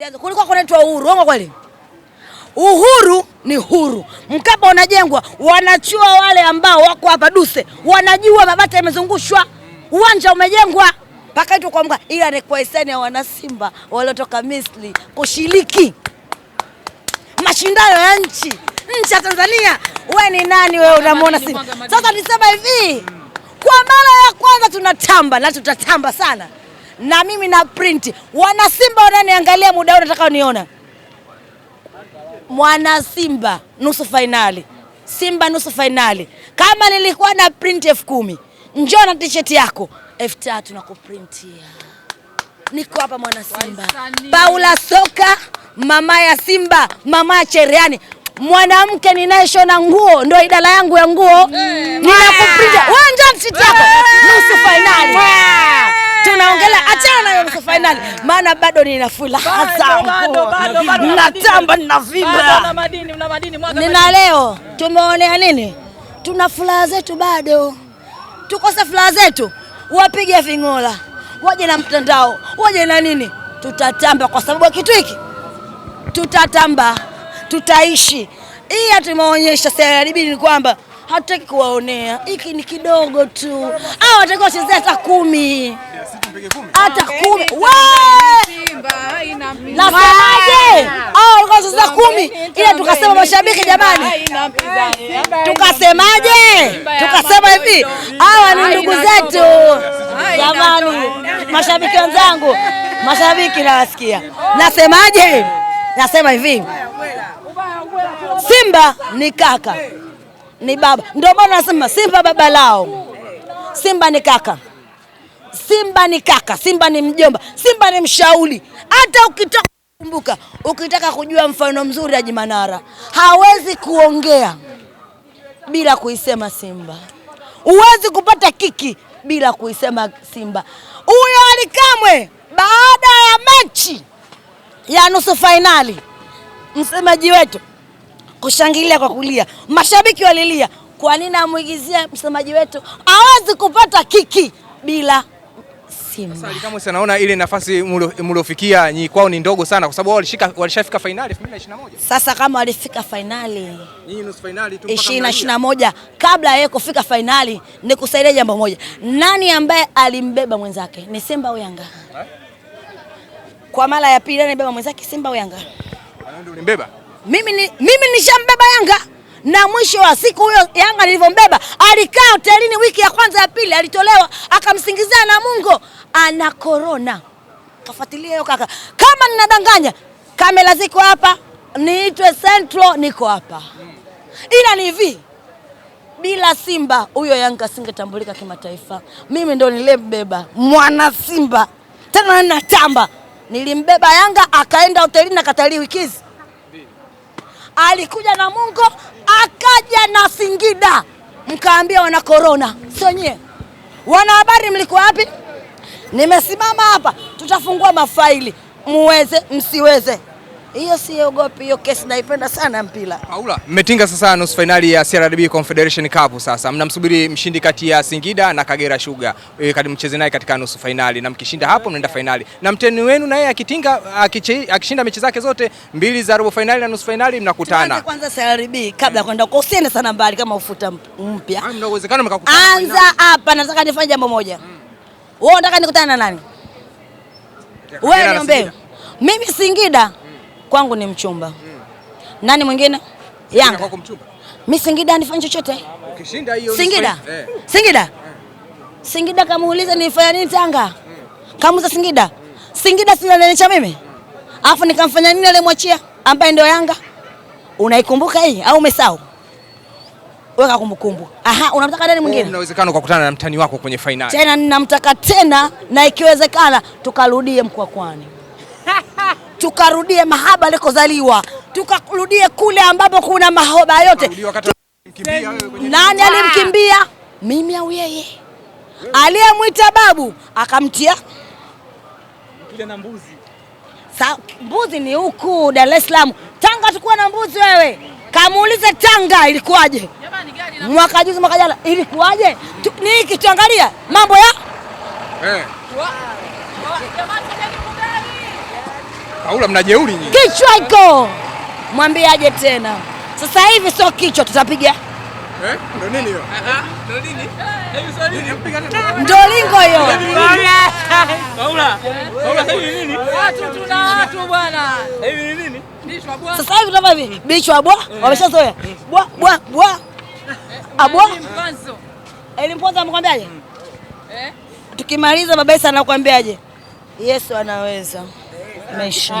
Yaani, Kulikuwa kunaitwa uhuru, uongo kweli? Uhuru ni huru. Mkapa unajengwa, wanachua wale ambao wako hapa duse wanajua Babata yamezungushwa, uwanja umejengwa mpaka itu kwa Mkapa, ila ni kwa hisani ya wanasimba waliotoka Misri kushiriki mashindano ya nchi nchi ya Tanzania. We ni nani wewe? Unamuona Simba? Sasa nisema hivi, kwa mara ya kwanza tunatamba na tutatamba sana na mimi na print. Wana Simba wananiangalia muda wote, nataka uniona mwana Simba nusu fainali, Simba nusu fainali. Kama nilikuwa na print elfu kumi njoo na t-shirt yako elfu tatu na kuprintia. Niko hapa mwana Simba, Paula Soka, mama ya Simba, mama ya Cheriani, mwanamke ninayeshona nguo, ndo idara yangu ya nguo, eh, ninakuprint achana nayo nusu finali, maana bado nina furaha zangu, natamba nina vibra nina leo. Tumeonea nini? Tuna furaha zetu bado, tukose furaha zetu, wapige ving'ola, waje na mtandao, waje na nini, tutatamba kwa sababu ya kitu hiki, tutatamba, tutaishi. Hii hatumeonyesha ni kwamba hatutaki kuwaonea, hiki ni kidogo tu, hao watakiwa wachezea hata kumi hata kumi nasemaje? Sasa kumi ila tukasema mashabiki, jamani, tukasemaje? Tukasema hivi hawa ni ndugu zetu jamani, mashabiki wenzangu, mashabiki nawasikia, nasemaje? Nasema hivi Simba ni kaka, ni baba. Ndio maana nasema Simba baba lao, Simba ni kaka Simba ni kaka, Simba ni mjomba, Simba ni mshauri. Hata ukitaka kukumbuka, ukitaka kujua mfano mzuri, Haji Manara hawezi kuongea bila kuisema Simba. Huwezi kupata kiki bila kuisema Simba. Huyo alikamwe baada ya mechi ya nusu fainali, msemaji wetu kushangilia kwa kulia, mashabiki walilia. Kwa nini amwigizia msemaji wetu? Hawezi kupata kiki bila timu. Sasa kama unaona ile nafasi mliofikia ni kwao ni ndogo sana, kwa sababu wao walishika walishafika finali 2021. Sasa kama walifika finali nyinyi nusu finali tu mpaka 2021, kabla yeye kufika finali, kusaidia jambo moja, nani ambaye alimbeba mwenzake ni Simba au Yanga? Eh? Kwa mara ya pili nani beba mwenzake Simba au Yanga? ulimbeba mimi, ni, mimi nishambeba Yanga na mwisho wa siku huyo Yanga nilivyombeba alikaa hotelini wiki ya kwanza ya pili, alitolewa akamsingizia Namungo ana korona. Kafuatilia hiyo kaka, kama ninadanganya, kamera ziko hapa, niitwe Central, niko hapa, ila ni hivi bila Simba huyo Yanga asingetambulika kimataifa. Mimi ndo nilembeba mwana Simba tena na tamba, nilimbeba Yanga akaenda hotelini akatalii wikizi, alikuja Mungu akaja na Singida, mkaambia wana korona, sio nyie. Wana habari mlikuwa wapi? Nimesimama hapa, tutafungua mafaili muweze msiweze hiyo siogopi, hiyo kesi naipenda sana mpira. Paula, mmetinga sasa nusu finali ya CRDB Confederation Cup. Sasa mnamsubiri mshindi kati ya Singida na Kagera Sugar, kadi mcheze naye katika nusu finali, na mkishinda hapo mnaenda finali, na mteni wenu naye akitinga, akishinda mechi zake zote mbili za robo finali na nusu finali mnakutana kwanza CRDB kabla kwenda kwa usiende sana mbali, kama ufuta mpya Mna uwezekano mkakutana. Anza hapa, nataka nifanye jambo moja. Mm. Wewe unataka nikutane na nani? Wewe niombe mimi Singida Mm kwangu ni mchumba. Nani mwingine? Yanga. Mimi Singida nifanye chochote. Ukishinda hiyo eh. Eh. Singida. Singida. Singida kamuuliza nilifanya nini Tanga? kamuza Singida. Singida cha mimi. Alafu nikamfanya nini ile mwachia ambaye ndio Yanga? Unaikumbuka hii au umesahau? Weka kumbukumbu. Aha, unamtaka nani mwingine? kwa kukutana na mtani wako kwenye finali. Tena ninamtaka tena na ikiwezekana tukarudie Mkwakwani tukarudie mahaba alikozaliwa, tukarudie kule ambapo kuna mahoba yote. Nani alimkimbia? Mimi au yeye? Aliyemwita babu akamtia na mbuzi. Sa, mbuzi ni huku Dar es Salaam. Tanga tukuwa na mbuzi wewe, kamuulize Tanga ilikuwaje mwaka juzi mwaka jana ilikuwaje? Ni hiki mambo ya eh. Paula, mnajeuri nyinyi. Kichwa iko. mwambiaje tena. Sasa hivi sio kichwa tutapiga. Eh? Ndio nini hiyo? Aha, ah. ndio nini? Ndio lingo hiyo. Paula. Paula hivi nini? Watu tuna watu bwana. Hivi ni nini? Bichwa bwa. Sasa hivi hivi bichwa bwa wameshazoea. Bwa bwa bwa. Eh, Abwa. Eh? eh? Tukimaliza baba anakuambiaje? Yesu anaweza. 没事。